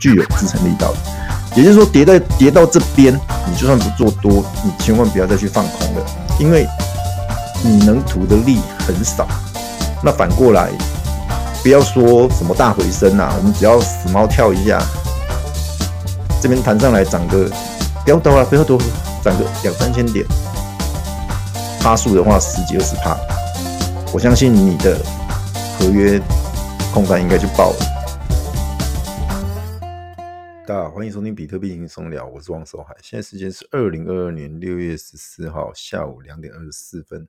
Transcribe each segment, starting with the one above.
具有支撐力道，也就是說跌，跌在跌到這邊，你就算不做多，你千萬不要再去放空了，因為你能吐的力很少。那反過來，不要說什麼大回升啊，我們只要死貓跳一下，這邊彈上來漲個，不要多啊，不要多漲個兩三千點，趴數的話十幾二十趴，我相信你的合約空單應該就爆了。大家好，歡迎收聽比特幣輕鬆聊，我是王守海。現在時間是二零二二年六月十四號下午兩點二十四分，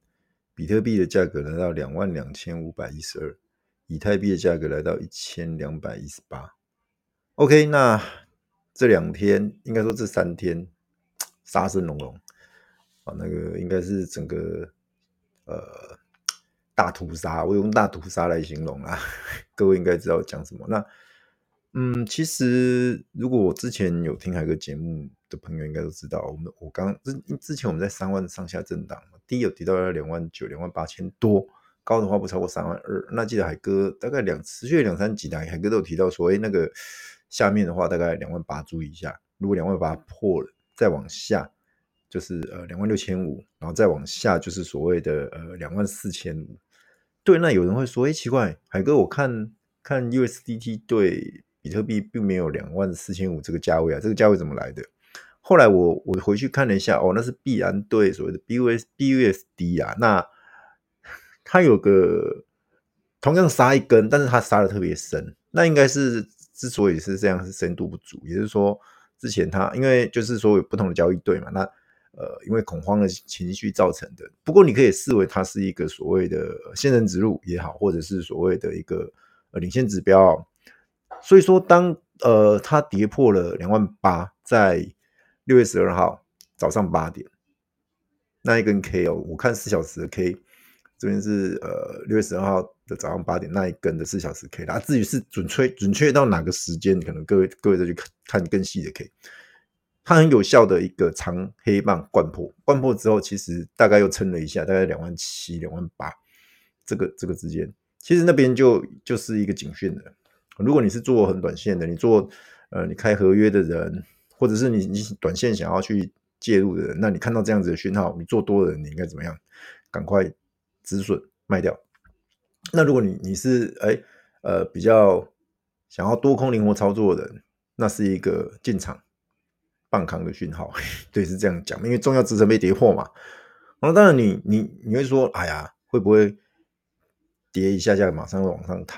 比特幣的價格來到兩萬兩千五百一十二，以太幣的價格來到一千兩百一十八。OK，那這兩天應該說這三天殺聲隆隆啊，那個應該是整個呃大屠殺，我用大屠殺來形容啊，各位應該知道我講什麼。那嗯，其實如果我之前有聽海哥節目的朋友應該都知道，我們我剛之前我們在三萬上下震盪嘛，低有提到兩萬九、兩萬八千多，高的話不超過三萬二。那記得海哥大概兩持續兩三集，海哥都有提到說，哎，那個下面的話大概兩萬八注意一下，如果兩萬八破了再往下，就是呃兩萬六千五，然後再往下就是所謂的呃兩萬四千五。對，那有人會說，哎，奇怪，海哥我看看 USDT 對。比特幣並沒有兩萬四千五這個價位啊，這個價位怎麼來的？後來我我回去看了一下，哦，那是必然對所謂的 BUS BUSD 啊，那它有個同樣殺一根，但是它殺得特別深，那應該是之所以是這樣是深度不足，也就是說之前它因為就是說有不同的交易對嘛，那呃因為恐慌的情緒造成的。不過你可以視為它是一個所謂的先行指路也好，或者是所謂的一個領先指標。所以說當，當呃它跌破了兩萬八，在六月十二號早上八點那一根 K 哦，我看四小時的 K，這邊是呃六月十二號的早上八點那一根的四小時 K 啦、啊。至於是準確準確到哪個時間，可能各位各位再去看更細的 K。它很有效的一個長黑棒灌破，灌破之後，其實大概又撐了一下，大概兩萬七、兩萬八這個這個之間，其實那邊就就是一個警訊了。如果你是做很短線的，你做呃，你開合約的人，或者是你你短線想要去介入的人，那你看到這樣子的訊號，你做多的人，你應該怎麼樣？趕快止損賣掉。那如果你你是哎、欸、呃比較想要多空靈活操作的人，那是一個進場半扛的訊號， 對，是這樣講，因為重要支撐被跌破嘛。然後，嗯，當然你你你會說，哎呀，會不會跌一下下，馬上會往上彈？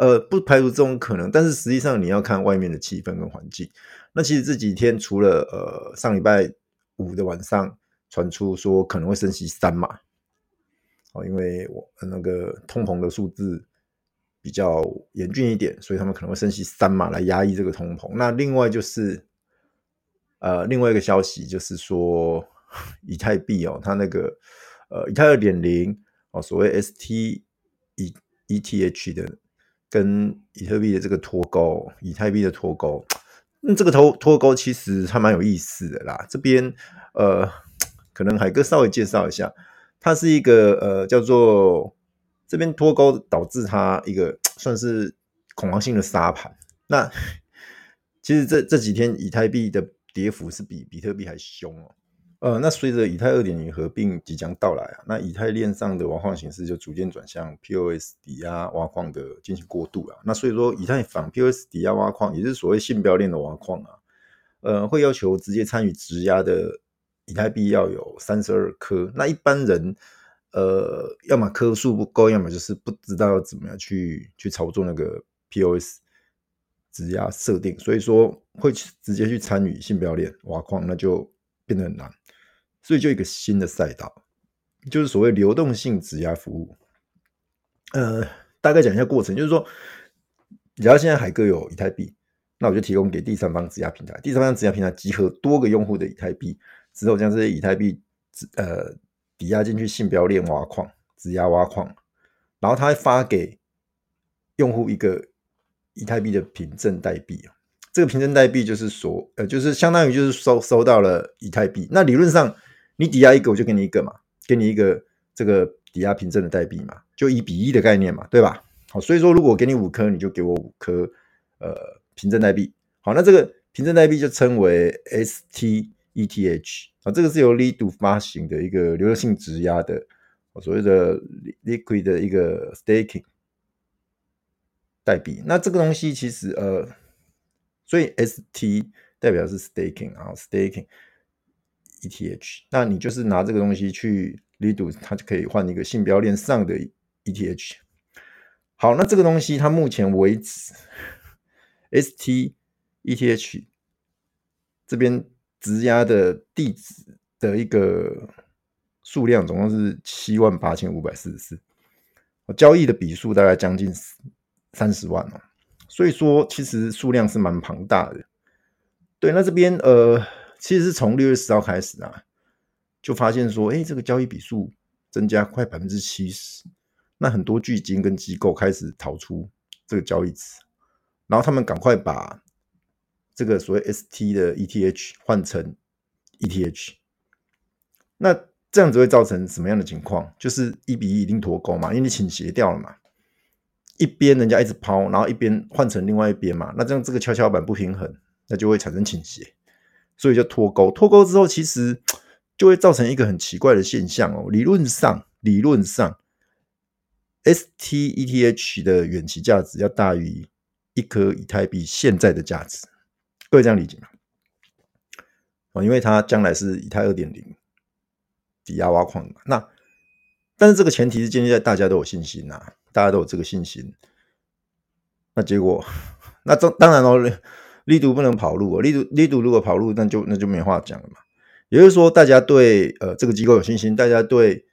呃，不排除這種可能，但是實際上你要看外面的氣氛跟環境。那其實這幾天除了呃上禮拜五的晚上傳出說可能會升息三碼，哦，因為我那個通膨的數字比較嚴峻一點，所以他們可能會升息三碼來壓抑這個通膨。那另外就是呃另外一個消息就是說以太幣哦，它那個呃以太二點零哦，所謂 stETH 的。跟比特幣的這個脫鈎，以太幣的脫鈎，那、嗯、這個脫脫鈎其實還蠻有意思的啦。這邊呃，可能海哥稍微介紹一下，它是一個呃叫做這邊脫鈎導致它一個算是恐慌性的殺盤。那其實這這幾天以太幣的跌幅是比比特幣還兇哦。呃，那隨着以太二點零合併即將到來啊，那以太鏈上的挖礦形式就逐漸轉向 POS 抵押挖礦的進行過渡啊，那所以說，以太坊 POS 抵押挖礦也就是所謂信標鏈的挖礦啊。呃，會要求直接參與質押的以太幣要有三十二顆。那一般人，呃，要麼顆數不夠，要麼就是不知道要怎麼樣去去操作那個 POS 質押設定。所以說，會直接去參與信標鏈挖礦，那就。變得很難，所以就一個新的賽道，就是所謂流動性質押服務。呃，大概講一下過程，就是說，然後現在海哥有以太幣，那我就提供給第三方質押平台，第三方質押平台集合多個用戶的以太幣，之後將這些以太幣，呃，抵押進去信標鏈挖礦，質押挖礦，然後他會發給用戶一個以太幣的憑證代幣這個憑證代幣就是說呃，就是相當於就是收收到了以太幣。那理論上你抵押一個，我就給你一個嘛，給你一個這個抵押憑證的代幣嘛，就一比一的概念嘛，對吧？好，所以說如果我給你五顆，你就給我五顆呃憑證代幣。好，那這個憑證代幣就稱為 S T E T H 啊，這個是由 Lido 發行的一個流動性質押的，所謂的 Liquid li 的一個 Staking 代幣。那這個東西其實呃。所以，ST 代表是 staking，啊 staking ETH，那你就是拿這個東西去 Lido, 它就可以換一個信標鏈上的 ETH。好，那這個東西它目前為止 ，ST ETH 這邊質押的地址的一個數量總共是七萬八千五百四十四，我交易的筆數大概將近三十萬哦。所以說，其實數量是蠻龐大的。對，那這邊呃，其實是從六月十號開始啊，就發現說，哎，這個交易筆數增加快百分之七十，那很多巨鯨跟機構開始逃出這個交易池，然後他們趕快把這個所謂 ST 的 ETH 換成 ETH，那這樣子會造成什麼樣的情況？就是 1: 1一比一已經脫鈎嘛，因為你傾斜掉了嘛。一邊人家一直拋，然後一邊換成另外一邊嘛，那這樣這個蹺蹺板不平衡，那就會產生傾斜，所以就脫鈎。脫鈎之後，其實就會造成一個很奇怪的現象哦。理論上，理論上，S T E T H 的遠期價值要大於一顆以太幣現在的價值，各位這樣理解嗎？因為它將來是以太二點零抵押挖礦嘛。那但是這個前提是建立在大家都有信心吶、啊。大家都有這個信心，那結果，那這當然哦，力度不能跑路啊，力度力度如果跑路，那就那就沒話講了嘛。也就是說，大家對呃這個機構有信心，大家對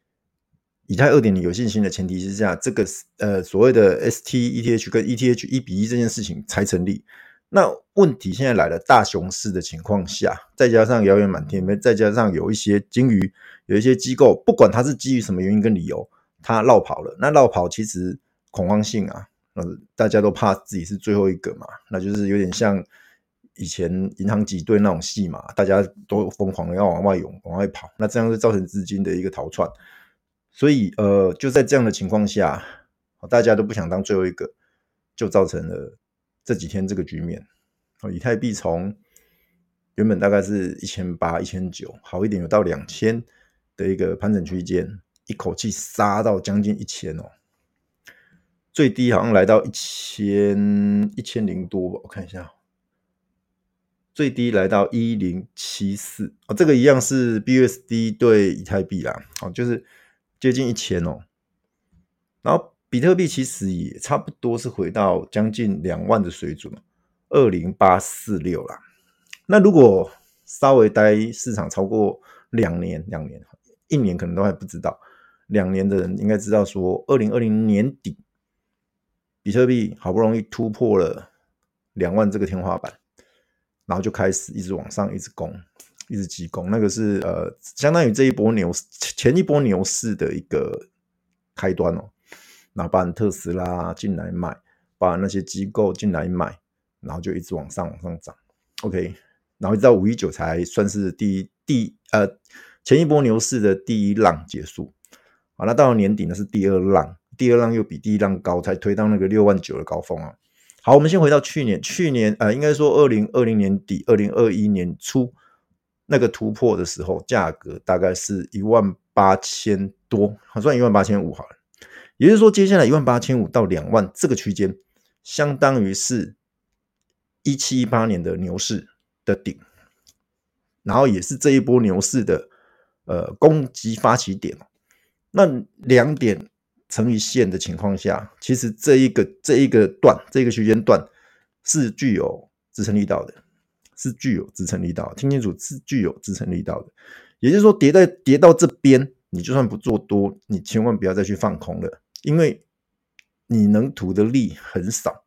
以太二點零有信心的前提之下，這個呃所謂的 S T E T H 跟 E T H 一比一這件事情才成立。那問題現在來了，大熊市的情況下，再加上謠言滿天，沒再加上有一些鯨魚，有一些機構，不管它是基於什麼原因跟理由。他落跑了，那落跑其實恐慌性啊，那、呃、大家都怕自己是最後一個嘛，那就是有點像以前銀行擠兌那種戲嘛，大家都瘋狂的要往外湧、往外跑，那這樣就造成資金的一個逃竄，所以呃，就在這樣的情況下，大家都不想當最後一個，就造成了這幾天這個局面。以太幣從原本大概是一千八、一千九，好一點有到兩千的一個盤整區間。一口氣殺到將近一千哦，最低好像來到一千一千零多吧，我看一下，最低來到一零七四哦，這個一樣是 BUSD 對以太幣啦，就是接近一千哦。然後比特幣其實也差不多是回到將近兩萬的水準，二零八四六啦。那如果稍微待市場超過兩年，兩年，一年可能都還不知道。兩年的人應該知道，說二零二零年底，比特幣好不容易突破了兩萬這個天花板，然後就開始一直往上，一直攻，一直急攻。那個是呃，相當於這一波牛市前一波牛市的一個開端哦。然後把特斯拉進來買，把那些機構進來買，然後就一直往上往上漲。OK，然後一直到五一九才算是第一第一第一呃前一波牛市的第一浪結束。啊，那到了年底呢，是第二浪，第二浪又比第一浪高，才推到那個六萬九的高峰啊。好，我們先回到去年，去年啊、呃、應該說二零二零年底，二零二一年初那個突破的時候，價格大概是一萬八千多，啊、算一萬八千五好了。也就是說，接下來一萬八千五到兩萬這個區間，相當於是一七一八年的牛市的頂，然後也是這一波牛市的呃攻擊發起點。那兩點成一線的情況下，其實這一個這一個段這個時間段是具有支撐力道的，是具有支撐力道，聽清楚是具有支撐力道的。也就是說，跌在跌到這邊，你就算不做多，你千萬不要再去放空了，因為你能圖的利很少。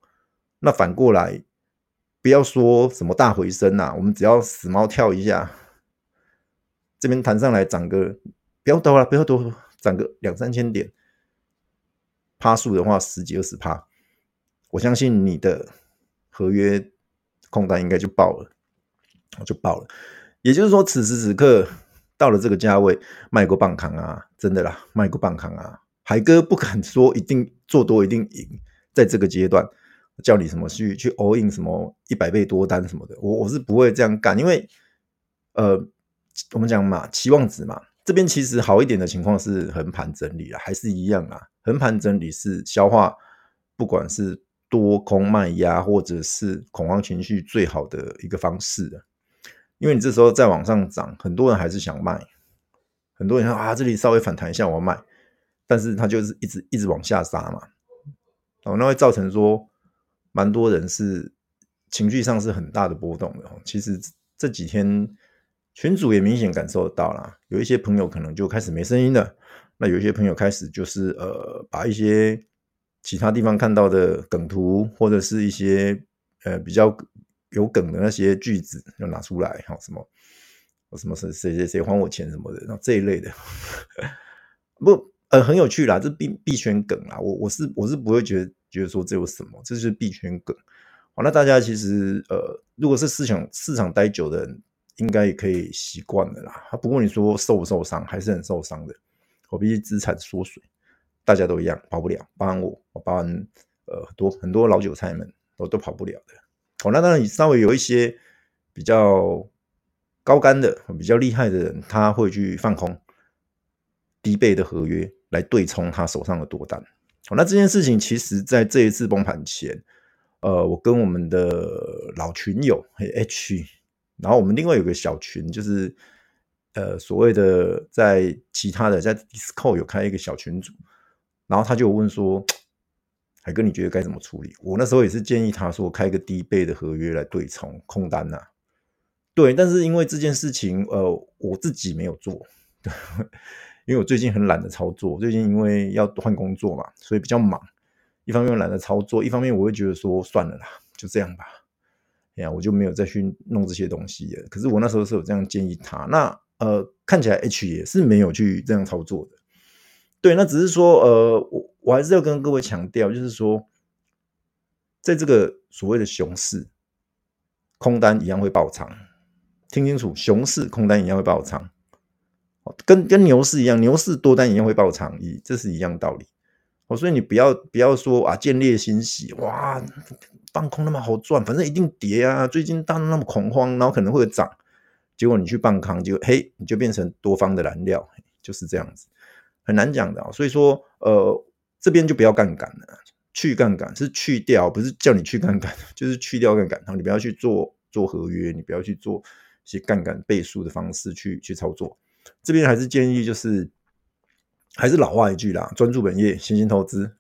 那反過來，不要說什麼大回升啦、啊，我們只要死貓跳一下，這邊彈上來漲個不要多啦，不要多、啊。漲個兩三千點，趴數的話十幾二十趴，我相信你的合約空單應該就爆了，我就爆了。也就是說，此時此刻到了這個價位，賣過棒扛啊，真的啦，賣過棒扛啊。海哥不敢說一定做多一定贏，在這個階段我叫你什麼去去 all in 什麼一百倍多單什麼的，我我是不會這樣幹，因為呃，我們講嘛，期望值嘛。這邊其實好一點的情況是橫盤整理還是一樣啊？橫盤整理是消化不管是多空賣壓或者是恐慌情緒最好的一個方式，因為你這時候再往上漲，很多人還是想賣，很多人說啊，這裡稍微反彈一下我要賣，但是他就是一直一直往下殺嘛，哦，然後那會造成說蠻多人是情緒上是很大的波動的，其實這幾天。群主也明顯感受得到了，有一些朋友可能就開始沒聲音了。那有一些朋友開始就是呃，把一些其他地方看到的梗圖，或者是一些呃比較有梗的那些句子，又拿出來哈，什麼什麼誰誰誰還我錢什麼的，這一類的， 不呃很有趣啦，這是幣幣圈梗啦。我我是我是不會覺得覺得說這有什麼，這就是幣圈梗。好、哦，那大家其實呃，如果是市場市場待久的人。應該也可以習慣了啦。不過你說受不受傷，還是很受傷的。我畢竟資產縮水，大家都一樣，跑不了。包括我，包含，呃，很多很多老韭菜們，都都跑不了的、哦。那當然稍微有一些比較高竿的、比較厲害的人，他會去放空低倍的合約來對沖他手上的多單、哦。那這件事情其實在這一次崩盤前，呃，我跟我們的老群友 H。然後我們另外有個小群，就是呃所謂的在其他的在 Discord 有開一個小群組，然後他就問說：“海哥，你覺得該怎麼處理？”我那時候也是建議他說開一個低倍的合約來對沖空單吶、啊。對，但是因為這件事情，呃，我自己沒有做，對，因為我最近很懶得操作。最近因為要換工作嘛，所以比較忙。一方面懶得操作，一方面我會覺得說算了啦，就這樣吧。我就沒有再去弄這些東西。可是我那時候是有這樣建議他。那呃，看起來 H 也是沒有去這樣操作的。對，那只是說呃，我我還是要跟各位強調，就是說，在這個所謂的熊市，空單一樣會爆倉。聽清楚，熊市空單一樣會爆倉，跟跟牛市一樣，牛市多單一樣會爆倉，一這是一樣道理。所以你不要不要說啊，見獵心喜，哇！半空那麼好賺，反正一定跌啊！最近大那麼恐慌，然後可能會漲，結果你去半空就嘿，你就變成多方的燃料，就是這樣子，很難講的哦，所以說，呃，這邊就不要槓桿了，去槓桿是去掉，不是叫你去槓桿，就是去掉槓桿，然後你不要去做做合約，你不要去做一些槓桿倍數的方式去去操作。這邊還是建議，就是還是老話一句啦，專注本業，閒錢投資，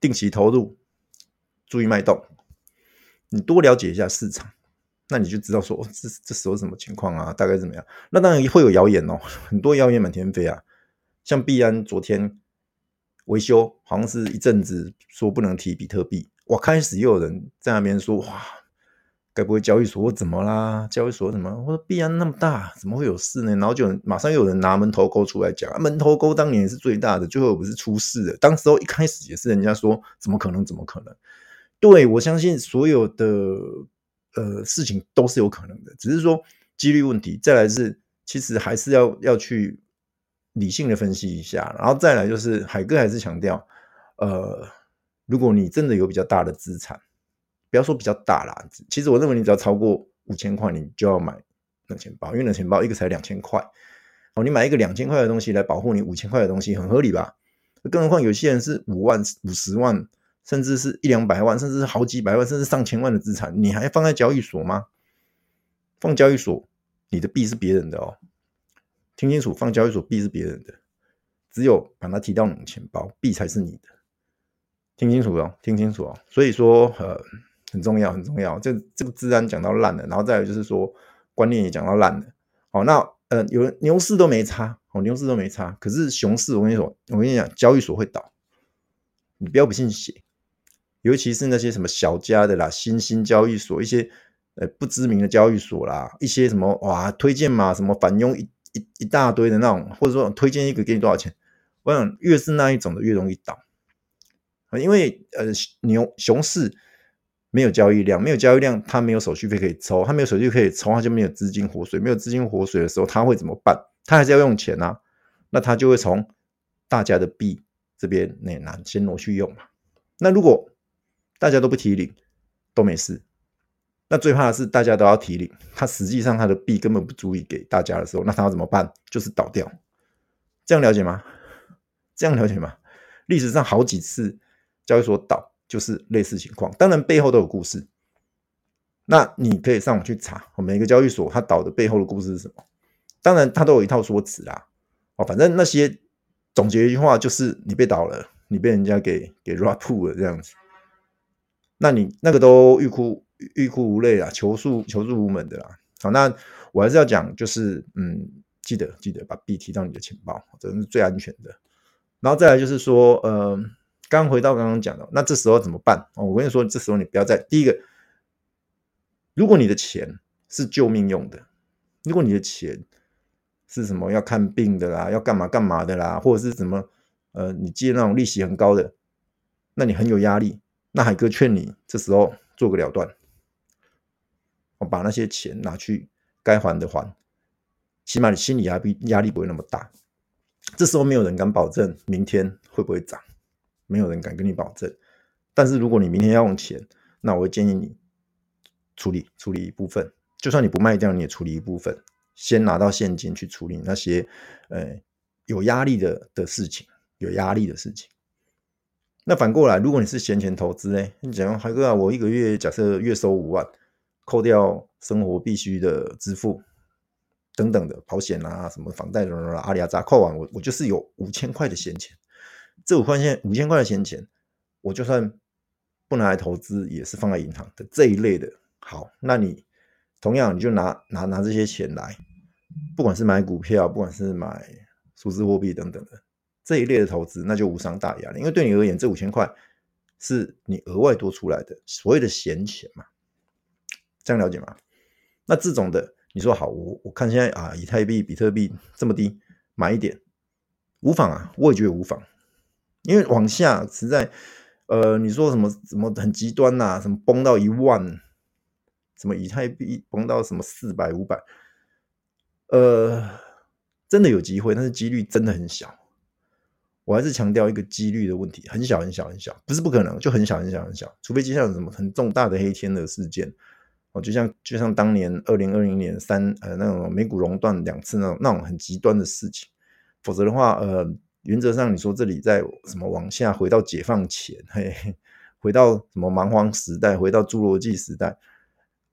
定期投入，注意脈動。你多了解一下市場，那你就知道說、哦、這這時候什麼情況啊，大概怎麼樣？那當然會有謠言哦，很多謠言滿天飛啊。像幣安昨天維修，好像是一陣子說不能提比特幣。哇，開始又有人在那邊說哇，該不會交易所怎麼啦？交易所怎麼？我說幣安那麼大，怎麼會有事呢？然後就馬上又有人拿門頭溝出來講，啊、門頭溝當年是最大的，最後不是出事的。當時候一開始也是人家說怎麼可能，怎麼可能？對，我相信所有的呃事情，都是有可能的，只是說幾率問題。再來是，其實還是要要去理性的分析一下。然後再來就是，海哥還是強調，呃，如果你真的有比較大的資產，不要說比較大啦，其實我認為你只要超過五千塊，你就要買冷錢包，因為冷錢包一個才兩千塊，好，哦，你買一個兩千塊的東西來保護你五千塊的東西，很合理吧？更何況有些人是五萬、五十萬。甚至是一兩百萬，甚至是好幾百萬，甚至上千萬的資產，你還放在交易所嗎？放交易所，你的幣是別人的哦。聽清楚，放交易所幣是別人的，只有把它提到你的錢包，幣才是你的。聽清楚了、哦，聽清楚哦，所以說，呃，很重要，很重要。這這個資安講到爛了，然後再有就是說，觀念也講到爛了。好、哦，那呃，有牛市都沒差，好、哦，牛市都沒差。可是熊市，我跟你說，我跟你講，交易所會倒，你不要不信邪。尤其是那些什麼小家的啦、新興交易所，一些呃不知名的交易所啦，一些什麼哇推薦嘛，什麼返佣一一一大堆的那種，或者說推薦一個給你多少錢。我想越是那一種的越容易倒，因為呃牛熊市沒有交易量，沒有交易量，它沒有手續費可以抽，它沒有手續費可以抽，它就沒有資金活水，沒有資金活水的時候，它會怎麼辦？它還是要用錢啊，那它就會從大家的幣這邊那先挪去用嘛，那如果大家都不提領，都沒事。那最怕的是大家都要提領，它實際上它的幣根本不足以給大家的時候，那它要怎麼辦？就是倒掉。這樣了解嗎？這樣了解嗎？歷史上好幾次交易所倒，就是類似情況。當然背後都有故事。那你可以上網去查每個交易所它倒的背後的故事是什麼。當然它都有一套說辭啦。哦，反正那些總結一句話就是你被倒了，你被人家給給 rug pull 了這樣子。那你那個都欲哭欲哭無淚啊，求助求助無門的啦。好，那我還是要講，就是嗯，記得記得把幣提到你的錢包，這是最安全的。然後再來就是說，呃，剛回到剛剛講的，那這時候怎麼辦？哦，我跟你說，這時候你不要再第一個，如果你的錢是救命用的，如果你的錢是什麼要看病的啦，要幹嘛幹嘛的啦，或者是什麼呃，你借那種利息很高的，那你很有壓力。那海哥勸你，這時候做個了斷，我把那些錢拿去該還的還，起碼你心理壓壓力不會那麼大。這時候沒有人敢保證明天會不會漲，沒有人敢跟你保證。但是如果你明天要用錢，那我會建議你處理處理一部分，就算你不賣掉，你也處理一部分，先拿到現金去處理那些呃有壓力的的事情，有壓力的事情。那反過來，如果你是閒錢投資呢？你講海哥啊，我一個月假設月收五萬，扣掉生活必須的支付等等的保險啊、什麼房貸啦、阿里啊砸、啊啊、扣完，我我就是有五千塊的閒錢。這五塊錢五千塊的閒錢，我就算不拿來投資，也是放在銀行的這一類的。好，那你同樣你就拿拿拿這些錢來，不管是買股票，不管是買數字貨幣等等的。這一類的投資，那就無傷大雅了，因為對你而言，這五千塊是你額外多出來的所謂的閒錢嘛，這樣了解嗎？那這種的，你說好，我我看現在啊，以太幣、比特幣這麼低，買一點無妨啊，我也覺得無妨，因為往下實在，呃，你說什麼什麼很極端吶、啊，什麼崩到一萬，什麼以太幣崩到什麼四百、五百，呃，真的有機會，但是幾率真的很小。我還是強調一個幾率的問題，很小很小很小，不是不可能，就很小很小很小。除非接下來有什麼很重大的黑天的事件，哦，就像就像當年二零二零年三呃那種美股熔斷兩次那種，那種很極端的事情，否則的話，呃，原則上你說這裡在什麼往下回到解放前，嘿，回到什麼蠻荒時代，回到侏羅紀時代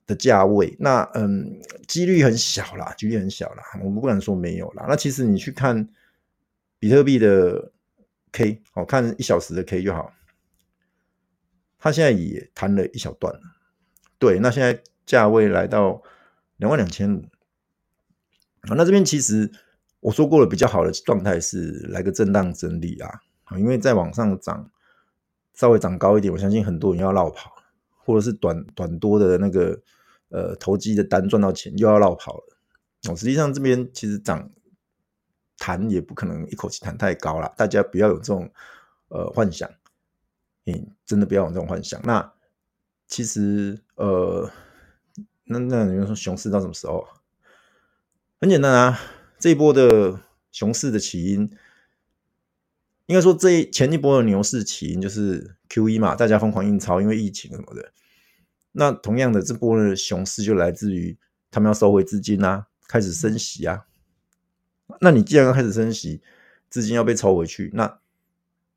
的價位，那嗯，呃，幾率很小啦，幾率很小啦，我不敢說沒有啦。那其實你去看比特幣的。K，看一小時的 K 就好。他現在也彈了一小段，對，那現在價位來到兩萬兩千五。啊，那這邊其實我說過了，比較好的狀態是來個震盪整理啊。啊，因為再往上漲，稍微漲高一點，我相信很多人要落跑，或者是短短多的那個呃投機的單賺到錢又要落跑了。哦、啊，實際上這邊其實漲。彈也不可能一口氣彈太高了，大家不要有這種呃幻想，你真的不要有這種幻想。那其實呃，那那你們說熊市到什麼時候？很簡單啊，這一波的熊市的起因，應該說這一前一波的牛市起因就是 QE 嘛，大家瘋狂印鈔，因為疫情什麼的。那同樣的，這波的熊市就來自於他們要收回資金啊，開始升息啊。那你既然要開始升息，資金要被抽回去，那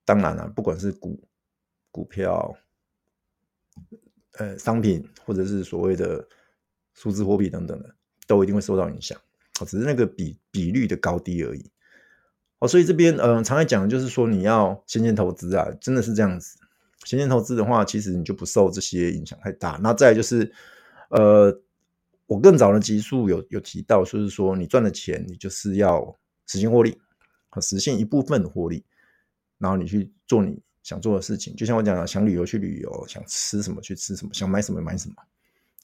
當然了，啊，不管是股、股票、呃，商品，或者是所謂的數字貨幣等等的，都一定會受到影響。只是那個比比率的高低而已。哦，所以這邊，嗯，呃，常來講就是說，你要閒錢投資啊，真的是這樣子。閒錢投資的話，其實你就不受這些影響太大。那再來就是，呃。我更早的集數有有提到，就是說你賺的錢，你就是要實現獲利，實現一部分的獲利，然後你去做你想做的事情。就像我講的想旅遊去旅遊，想吃什麼去吃什麼，想買什麼買什麼，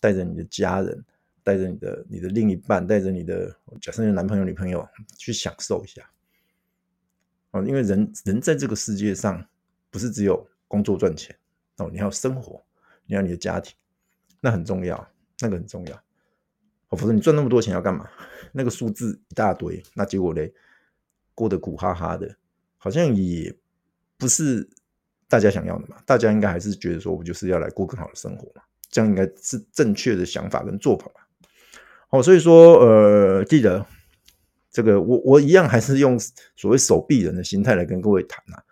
帶着你的家人，帶着你的你的另一半，帶着你的假設你的男朋友女朋友去享受一下。哦，因為人人在這個世界上不是只有工作賺錢哦，你還要生活，你要你的家庭，那很重要，那個很重要。否則、哦、你賺那麼多錢要幹嘛？那個數字一大堆，那結果嘞，過得苦哈哈的，好像也不是大家想要的嘛。大家應該還是覺得說，我就是要來過更好的生活嘛，這樣應該是正確的想法跟做法嘛。好、哦，所以說，呃，記得這個，我我一樣還是用所謂“守幣人”的心態來跟各位談啦、啊。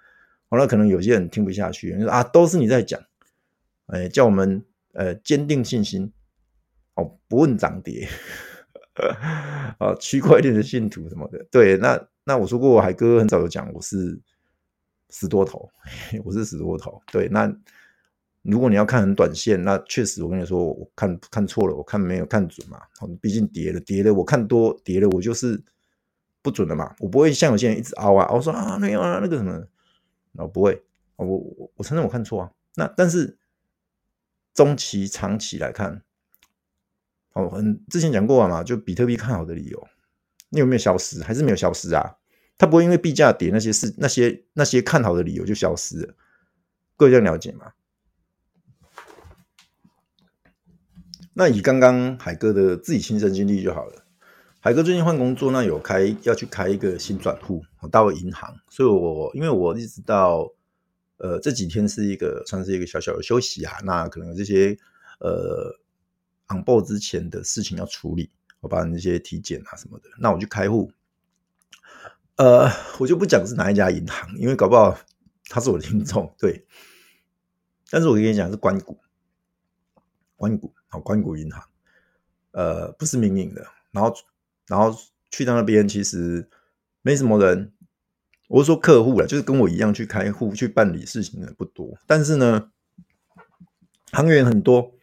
好、哦、了，那可能有些人聽不下去，就是、說啊，都是你在講，哎、欸，叫我們呃，堅定信心。哦，不問漲跌， 啊，區塊鏈的信徒什麼的，對，那那我說過，海哥很早就講，我是死多頭， 我是死多頭，對，那如果你要看很短線，那確實，我跟你說，我看看錯了，我看沒有看準嘛，畢竟跌了，跌了，我看多跌了，我就是不準了嘛，我不會像有些人一直凹啊，我說啊沒有啊，那個什麼，然後不會，我我我承認我看錯啊，那但是中期長期來看。哦，嗯，之前講過了嘛，就比特幣看好的理由，你有沒有消失？還是沒有消失啊？它不會因為幣價跌那些事，那些那些看好的理由就消失了，各位這樣了解嗎？那以剛剛海哥的自己親身經歷就好了，海哥最近換工作呢，那有開要去開一個新薪轉戶，我到了銀行，所以我因為我一直到呃這幾天是一個算是一個小小的休息啊，那可能有這些呃。onboard 之前的事情要處理，我把那些體檢啊什麼的。那我去開戶，呃，我就不講是哪一家銀行，因為搞不好他是我的聽眾對。但是我跟你講是官股，官股好，哦，官股銀行，呃，不是民營的。然後，然後去到那邊其實沒什麼人，我是說客戶啦，就是跟我一樣去開戶去辦理事情的不多。但是呢，行員很多。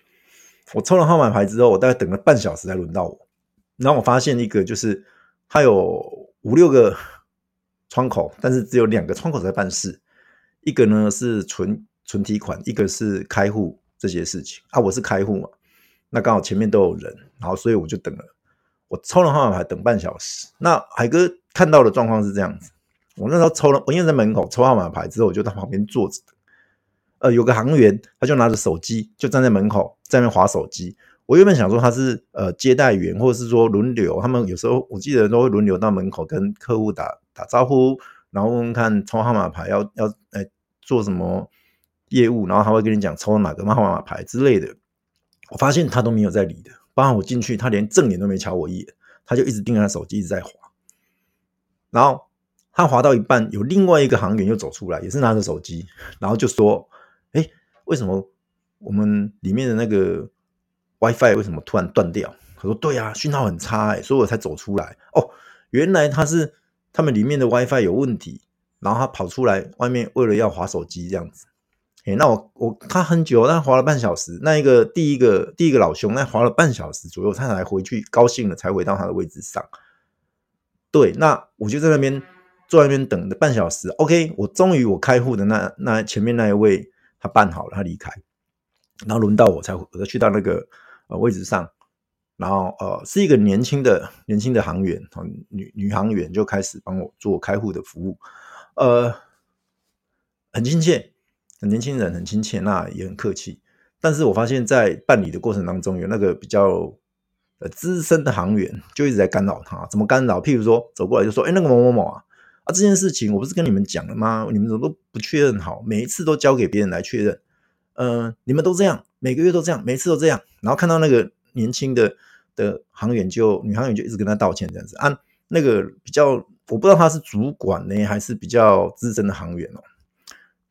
我抽了號碼牌之後，我大概等了半小時才輪到我。然後我發現一個，就是它有五六個窗口，但是只有兩個窗口在辦事。一個呢是存存提款，一個是開戶這些事情啊。我是開戶嘛，那剛好前面都有人，然後所以我就等了。我抽了號碼牌等半小時。那海哥看到的狀況是這樣子：我那時候抽了，我因為在門口抽號碼牌之後，我就在旁邊坐着呃，有個行員，他就拿着手機，就站在門口，在那滑手機。我原本想說他是呃接待員，或者是說輪流，他們有時候我記得都會輪流到門口跟客戶打打招呼，然後問問看抽號碼牌要要哎做什麼業務，然後他會跟你講抽哪個號碼牌之類的。我發現他都沒有在理的，包括我進去，他連正眼都沒瞧我一眼，他就一直盯着他手機，一直在滑。然後他滑到一半，有另外一個行員又走出來，也是拿着手機，然後就說。為什麼我們裡面的那個 WiFi 為什麼突然斷掉？他說：“對啊，訊號很差，欸，所以我才走出來。”哦，原來他是他們裡面的 WiFi 有問題，然後他跑出來外面，為了要滑手機這樣子。欸、那我我他很久，他滑了半小時。那一個第一個第一個老兄，那滑了半小時左右，他才回去，高興了才回到他的位置上。對，那我就在那邊坐在那邊等了半小時。OK，我終於我開戶的那那前面那一位。他辦好了，他離開，然後輪到我才，我才去到那個呃位置上，然後呃是一個年輕的年輕的行員女女行員就開始幫我做開戶的服務，呃，很親切，很年輕人很親切，那也很客氣，但是我發現，在辦理的過程當中，有那個比較、呃、資深的行員就一直在干擾他，怎麼干擾？譬如說走過來就說，哎，那個某某某啊。啊，這件事情我不是跟你們講了嗎？你們怎麼都不確認好？每一次都交給別人來確認。嗯、呃，你們都這樣，每個月都這樣，每一次都這樣。然後看到那個年輕的的行員就，就女行員就一直跟他道歉這樣子。啊，那個比較，我不知道他是主管呢、欸，還是比較資深的行員哦，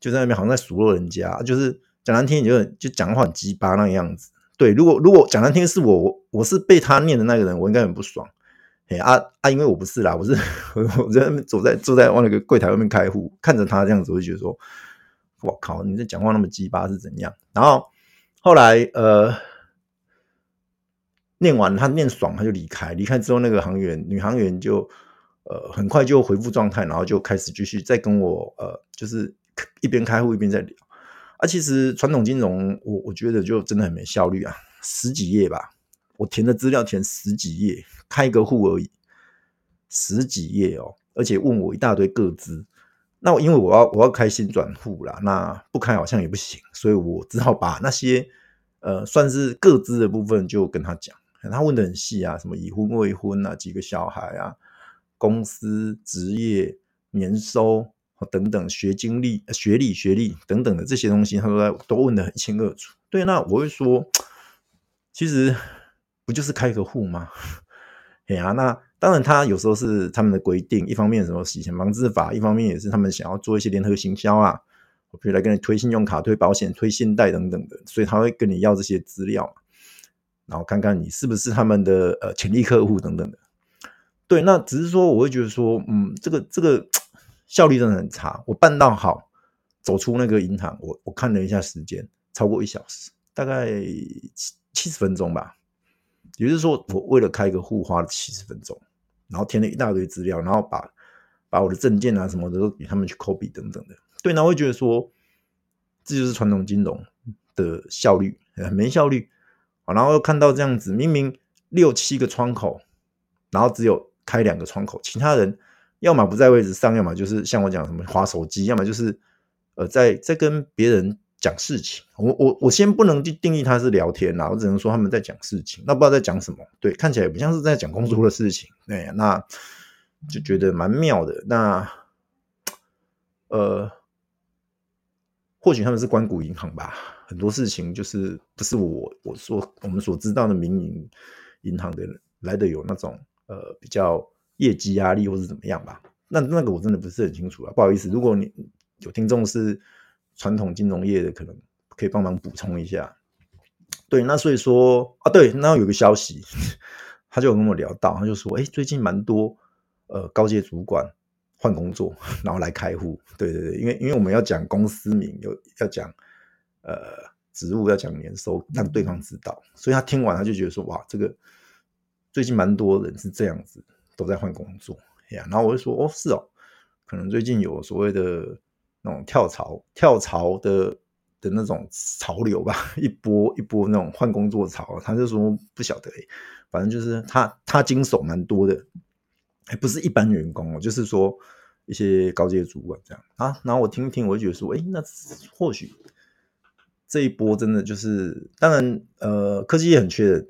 就在那邊好像在數落人家，就是講難聽點，就就講話很雞巴那個樣子。對，如果如果講難聽是我，我是被他念的那個人，我應該很不爽。嘿啊啊！因為我不是啦，我是我在那邊坐在坐在往那個櫃台外面開戶，看着他這樣子，我就覺得說：“哇靠，你這講話那麼雞巴是怎樣？”然後後來呃，念完他念爽，他就離開。離開之後，那個行員女行員就呃很快就恢復狀態，然後就開始繼續再跟我呃就是一邊開戶一邊在聊。啊，其實傳統金融我我覺得就真的很沒效率啊，十幾頁吧，我填的資料填十幾頁。開個戶而已，十幾頁哦，而且問我一大堆個資，那因為我要我要開薪轉戶啦，那不開好像也不行，所以我只好把那些呃算是個資的部分就跟他講。他問的很細啊，什麼已婚未婚啊，幾個小孩啊，公司職業年收、哦、等等學經歷、學歷學歷等等的這些東西，他都都問的很清楚。對，那我會說，其實不就是開個戶嗎？哎呀、啊，那當然，他有時候是他們的規定，一方面什麼洗錢防制法，一方面也是他們想要做一些聯合行銷啊，我譬如來跟你推信用卡、推保險、推信貸等等的，所以他會跟你要這些資料，然後看看你是不是他們的呃潛力客戶等等的。對，那只是說，我會覺得說，嗯，這個這個效率真的很差。我辦到好，走出那個銀行，我我看了一下時間，超過一小時，大概七七十分鐘吧。也就是說，我為了開一個戶花了七十分鐘，然後填了一大堆資料，然後把把我的證件啊什麼的都給他們去 copy 等等的。對，然後會覺得說，這就是傳統金融的效率，沒效率。啊，然後又看到這樣子，明明六七個窗口，然後只有開兩個窗口，其他人要麼不在位置上，要麼就是像我講什麼滑手機，要麼就是呃在在跟別人講事情，我我我先不能定義他是聊天啦，我只能說他們在講事情，那不知道在講什麼。對，看起來也不像是在講工作的事情。對、啊，那就覺得蠻妙的。那呃，或許他們是官股銀行吧？很多事情就是不是我我說我們所知道的民營銀行的人來的有那種呃比較業績壓力或是怎麼樣吧？那那個我真的不是很清楚、啊、不好意思，如果你有聽眾是。傳統金融業的可能可以幫忙補充一下，對，那所以說啊，對，那有個消息，他就跟我聊到，他就說，欸，最近蠻多呃高階主管換工作，然後來開戶，對對對，因為因為我們要講公司名，有要講呃職務，要講年收，讓對方知道，所以他聽完他就覺得說，哇，這個最近蠻多人是這樣子都在換工作，啊，然後我就說，哦，是哦，可能最近有所謂的。那種跳槽、跳槽的的那種潮流吧，一波一波那種換工作潮，他就說不曉得、欸，反正就是他他經手蠻多的，還、欸、不是一般員工哦，就是說一些高階主管這樣啊。然後我聽一聽，我就覺得說，哎、欸，那或許這一波真的就是，當然呃，科技業很缺人，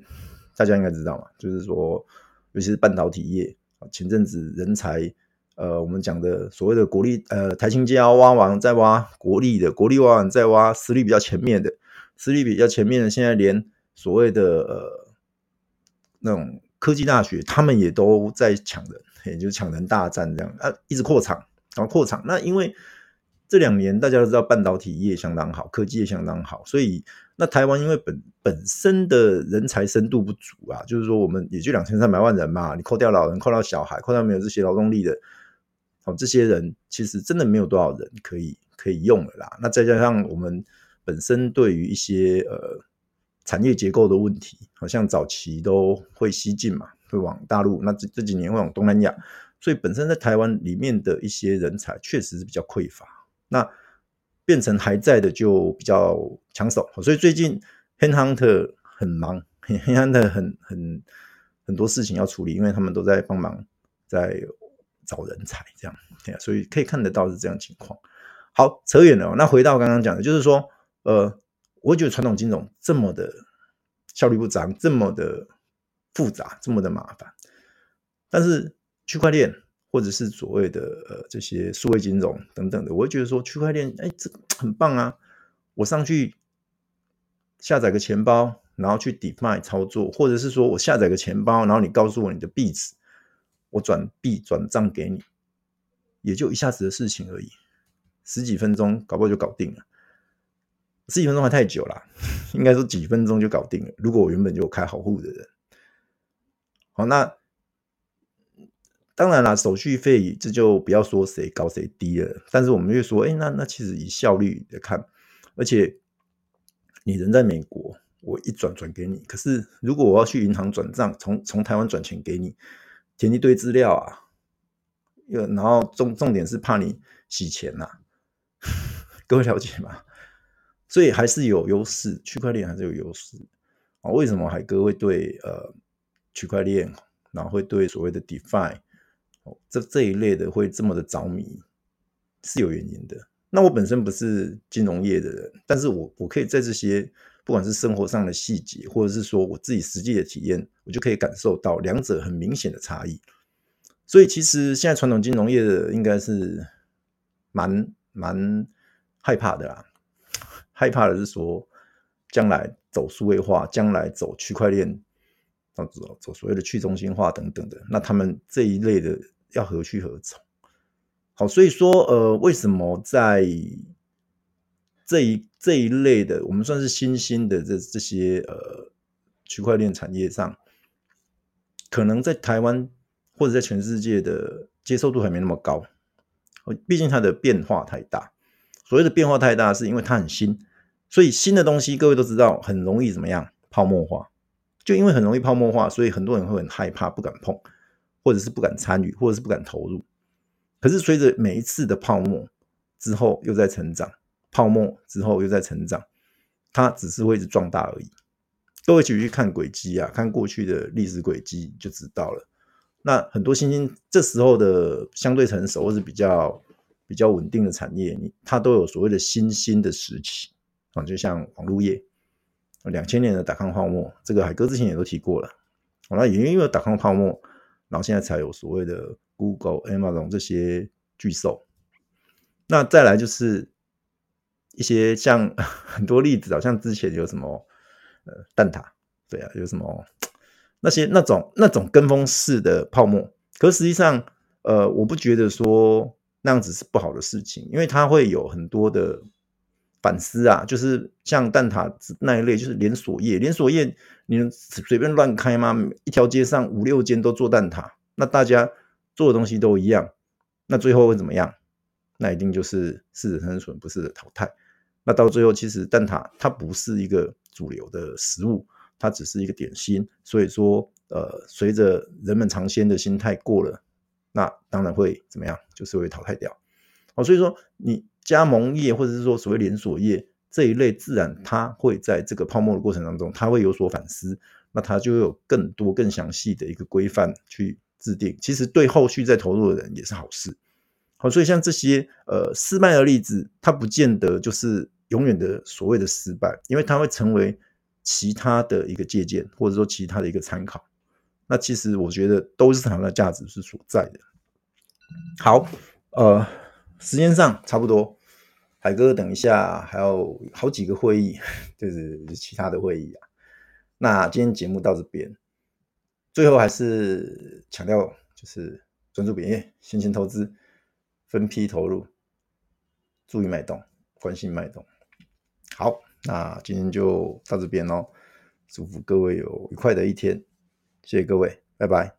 大家應該知道嘛，就是說，尤其是半導體業，前陣子人才。呃，我們講的所謂的國立，呃，台清交要挖完再挖國立的，國立挖再挖私立比較前面的，私立比較前面的，現在連所謂的呃那種科技大學，他們也都在搶人，也就是搶人大戰這樣，啊、一直擴廠，搞擴廠。那因為這兩年大家都知道半導體業相當好，科技也相當好，所以那台灣因為本本身的人才深度不足啊，就是說我們也就兩千三百萬人嘛，你扣掉老人，扣掉小孩，扣掉沒有這些勞動力的。哦，這些人其實真的沒有多少人可以可以用了啦。那再加上我們本身對於一些呃產業結構的問題，好像早期都會西進嘛，會往大陸，那這這幾年會往東南亞，所以本身在台灣裡面的一些人才確實是比較匱乏，那變成還在的就比較搶手。所以最近 Headhunter 很忙，Headhunter 很很很多事情要處理，因為他們都在幫忙在。找人才這樣對、啊，所以可以看得到是這樣情況。好，扯遠了、哦、那回到剛剛講的，就是說，呃，我覺得傳統金融這麼的效率不彰，這麼的複雜，這麼的麻煩。但是區塊鏈或者是所謂的呃這些數位金融等等的，我會覺得說區塊鏈，哎，這個很棒啊！我上去下載個錢包，然後去 DeFi 操作，或者是說我下載個錢包，然後你告訴我你的地址。我轉幣轉賬給你，也就一下子的事情而已，十幾分鐘搞不好就搞定了，十幾分鐘還太久了，應該說幾分鐘就搞定了。如果我原本就有開好戶的人，好，那當然了，手續費這就，就不要說誰高誰低了。但是我們就說，哎、欸，那那其實以效率來看，而且你人在美國，我一轉轉給你。可是如果我要去銀行轉賬，從從台灣轉錢給你，前期堆資料啊，然後重重點是怕你洗錢吶、啊，各位了解？嗎？所以還是有優勢，區塊鏈還是有優勢、哦、為什麼海哥會對呃區塊鏈，然後會對所謂的 DeFi、哦、這這一類的會這麼的着迷，是有原因的。那我本身不是金融業的人，但是我我可以在這些。不管是生活上的細節，或者是說我自己實際的體驗，我就可以感受到兩者很明顯的差異。所以其實現在傳統金融業的應該是蠻蠻害怕的啦，害怕的是說將來走數位化，將來走區塊鏈，走走所謂的去中心化等等的，那他們這一類的要何去何從？好，所以說呃，為什麼在？這一這一類的，我們算是新興的，這這些呃區塊鏈產業上，可能在台灣或者在全世界的接受度還沒那麼高。畢竟它的變化太大。所謂的變化太大，是因為它很新，所以新的東西各位都知道，很容易怎麼樣泡沫化。就因為很容易泡沫化，所以很多人會很害怕，不敢碰，或者是不敢參與，或者是不敢投入。可是隨着每一次的泡沫之後，又在成長。泡沫之後又在成長，它只是會一直壯大而已。各位繼續去看軌跡啊，看過去的歷史軌跡就知道了。那很多新興這時候的相對成熟或是比較比較穩定的產業，它都有所謂的新興的時期啊，就像網絡業，兩千年的打康泡沫，這個海哥之前也都提過了。那也因為有打康泡沫，然後現在才有所謂的 Google、Amazon 這些巨獸。那再來就是。一些像很多例子，好像之前有什麼呃蛋撻，對啊，有什麼那些那種那種跟風式的泡沫。可實際上，呃，我不覺得說那樣子是不好的事情，因為它會有很多的反思啊。就是像蛋撻那一類，就是連鎖業，連鎖業你隨便亂開嗎？一條街上五六間都做蛋撻，那大家做的東西都一樣，那最後會怎麼樣？那一定就是適者生存，不是淘汰。那到最後，其實蛋撻它不是一個主流的食物，它只是一個點心。所以說，呃，隨着人們嘗鮮的心態過了，那當然會怎麼樣？就是會淘汰掉。好，所以說你加盟業或者是說所謂連鎖業這一類，自然它會在這個泡沫的過程當中，它會有所反思。那它就會有更多、更詳細的一個規範去制定。其實對後續再投入的人也是好事。好，所以像這些呃失敗的例子，它不見得就是。永遠的所謂的失敗，因為它會成為其他的一個借鑑，或者說其他的一個參考。那其實我覺得都是它的價值是所在的。好，呃，時間上差不多，海哥等一下還有好幾個會議，就是其他的會議啊。那今天節目到這邊，最後還是強調就是專注別業，先行投資，分批投入，注意脈動，關心脈動。好，那今天就到這邊嘍，祝福各位有愉快的一天，謝謝各位，拜拜。